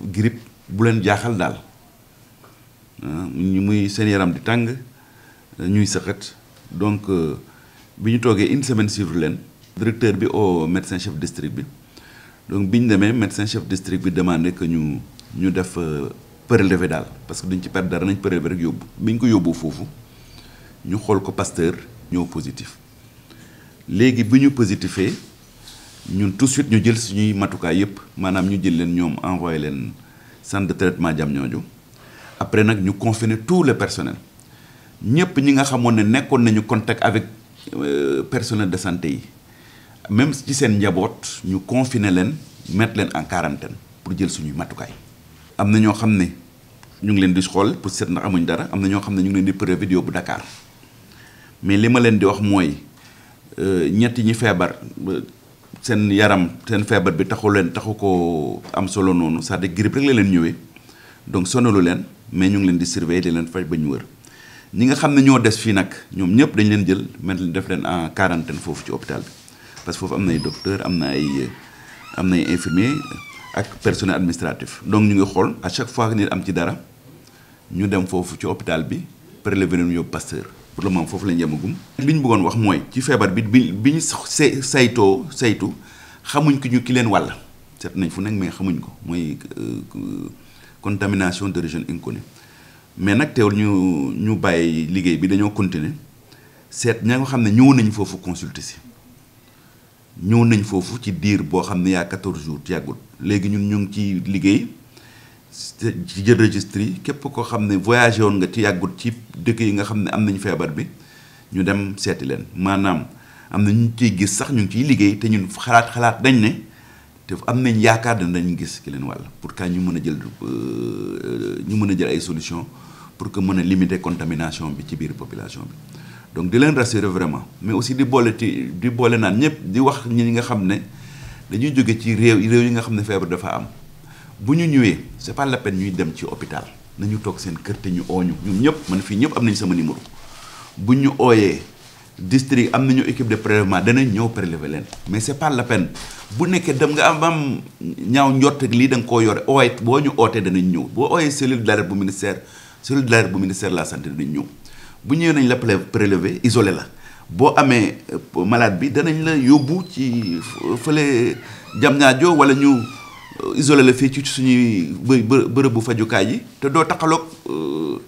grippe bu leen jaaxal daal ñu muy seen yaram di tàng ñuy sëqat donc euh, bi ñu toogee une semaine suivre leen directeur bi au médecin chef district bi donc bi ñu demee médecin chef district bi demandé que ñu ñu def euh, prélevé daal parce que duñ ci perte dara nañ prélevé rek yóbbu bi ñu ko yóbbu foofu ñu xool ko Pasteur ñëw positif léegi bi ñu positifee ñun tout ñu jël suñuy matukaay yëpp maanaam ñu jël leen ñoom envoyé leen centre de traitement Diamniadio après nag ñu confiner tout le personnel ñëpp ñi nga xamoon ne nekkoon nañu contact avec euh, personnel de santé yi même ci seen njaboot ñu confiner leen mettre leen en quarantaine pour jël suñuy matukaay. am na ñoo xam ne ñu ngi leen di xool pour seet ndax amuñ dara am na ñoo xam ne ñu ngi leen di prévu bu Dakar mais li ma leen di wax mooy euh, ñett ñi feebar. seen yaram seen feebar bi taxu leen taxu ko am solo noonu c'est-à-dire rek la leen ñëwee donc sonalu leen mais ñu ngi leen di surveiller di leen faj ba ñu wër ñi nga xam ne ñoo des fii nag ñoom ñëpp dañu leen jël mel leen def leen en quarantaine foofu ci hôpital bi parce que foofu am na ay am na ay am na ay infirmier ak personnel administratif donc ñu ngi xool à chaque fois que am ci dara ñu dem foofu ci hôpital bi prélever leen yóbbu Pasteur pour le moment fofu la ñu yemagum. li bëggoon wax mooy ci feebar bi bi bi saytoo saytu xamuñ ki ñu ki leen wàll set nañ fu nekk mais xamuñ ko mooy euh, contamination d'origine inconnue mais nag teewul ñu ñu bàyyi liggéey bi dañoo continuer seet ña nga xam ne ñëw nañ foofu consulter si ñëw nañ foofu ci diir boo xam ne yaa 14 jours yàggul léegi ñun ñu ngi ci liggéey ci jël registre yi képp koo xam ne voyagé woon nga ci yàggut ci dëkk yi nga xam ne am nañ feebar bi ñu dem seeti leen maanaam am na ñu ciy gis sax ñu ngi ciy liggéey te ñun xalaat xalaat dañ ne te am nañ yaakaar ne dañu gis ki leen wàll pour que ñu mën a jël euh, ñu mën a jël ay solution pour que mën a limiter contamination bi ci biir population bi donc di leen rassurer vraiment mais aussi di boole ci di boole naan ñëpp di wax ñi nga xam ne dañuy jóge ci réew réew yi nga xam ne feebar dafa am. bu ñu ñëwee sepal pas ñuy dem ci hôpital nañu toog seen kër te ñu oo ñu ñun ñëpp man fii ñëpp am nañ sama numéro bu ñu ooyee district am nañu équipe de prélèvement danañ ñëw prélever leen mais c'est pas la peine bu nekkee dem nga am am ñaaw njort lii da nga koo yore ooye boo ñu ootee danañ ñëw boo ooyee cellule d'alerte bu ministère cellule d'alerte bu ministère la santé danañ ñëw bu ñëwee nañ la prélever isole la boo amee euh, malade bi danañ la yóbbu ci fële jam ñaajo wala ñu isolé la fii ci suñuy bërëbu fajukaay yi te doo taxaloog euh,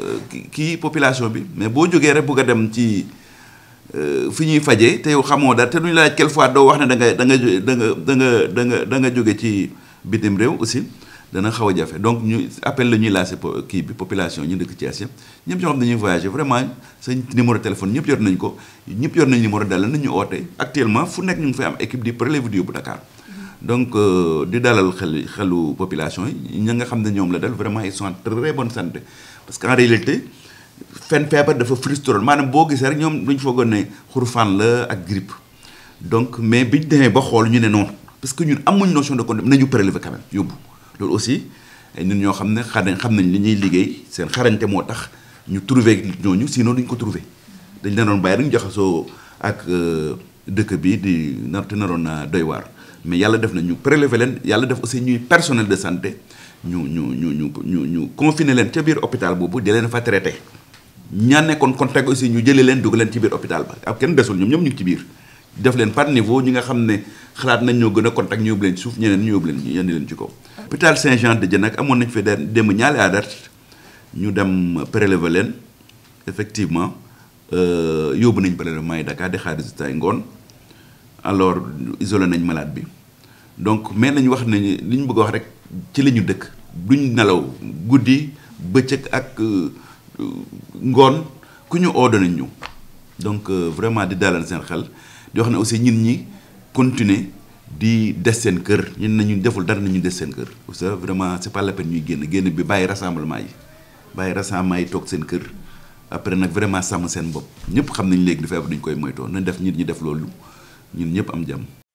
euh, kii population bi mais boo jógee rek bugg a dem ci euh, fi ñuy fajee te yow xamoo dara te duñu laaj quelque fois doo wax ne da nga da nga da nga da nga da nga da nga jóge ci bitim réew aussi dana xaw a jafe donc ñu appel la ñuy lancé kii bi population ñu dëkk Thiès yëpp ñëpp ñoo xam dañuy voyagé vraiment sa numéro téléphone ñëpp yor nañ ko ñëpp yor nañ numéro dal nañ ñu oote actuellement fu nekk ñu ngi fay am équipe di prélevé di yóbbu Dakar donc euh, di dalal xel xelu population yi ña nga xam ne ñoom la dal vraiment ils sont en bon bonne santé parce que en réalité fen feebar dafa frustron maanaam boo gisee rek ñoom luñ foogoon ne xurfaan la ak grippe donc mais bi biñ demee ba xool ñu ne noonu parce que ñun amuñ notion de condom nañu prélever quand même yóbbu loolu aussi ñun ñoo xam ne xarañ xam nañ li ñuy liggéey seen xarañte moo tax ñu trouver ñooñu sinon dañ ko trouver dañ la doon bàyyi rek ñu jaxasoo ak euh, dëkk bi di nar naroon na doy waar mais yàlla def na ñu prélever leen yàlla def aussi ñuy personnel de santé ñu ñu ñu ñu ñu ñu confiner leen ca biir hôpital boobu di leen fa traité ñaa nekkoon contact aussi ñu jëlee leen dugg leen ci biir hôpital ba ak kenn desul ñoom ñoom ñu ngi ci biir def leen par niveau ñi nga xam ne xalaat nañ ñoo gën a contact ñu yóbbu leen suuf ñeneen ñu yóbbu leen yenn leen ci kaw. hôpital Saint-Jean de Dieng nag amoon nañ fi dem ñaale adat ñu dem prélever leen effectivement euh, yóbbu nañ prélèvement yi Dakar di xaalis résultat yi ngoon alors isolé nañ malade donc mais nañ wax nañ liñ bëgg wax rek ci dëkk duñ ak euh, ngoon ku ñu donc euh, vraiment di dalal seen xel di wax ne aussi ñin continuer di des seen kër ñin nañu deful dara des kër vraiment c'est pas la peine ñuy génn génn bi bàyyi rassemblement yi bàyyi rassemblement yi toog seen kër après nag vraiment sàmm seen bopp ñëpp xam nañ léegi di feebar duñ koy moytoo nañ def ñit ñi def не мне, а мне.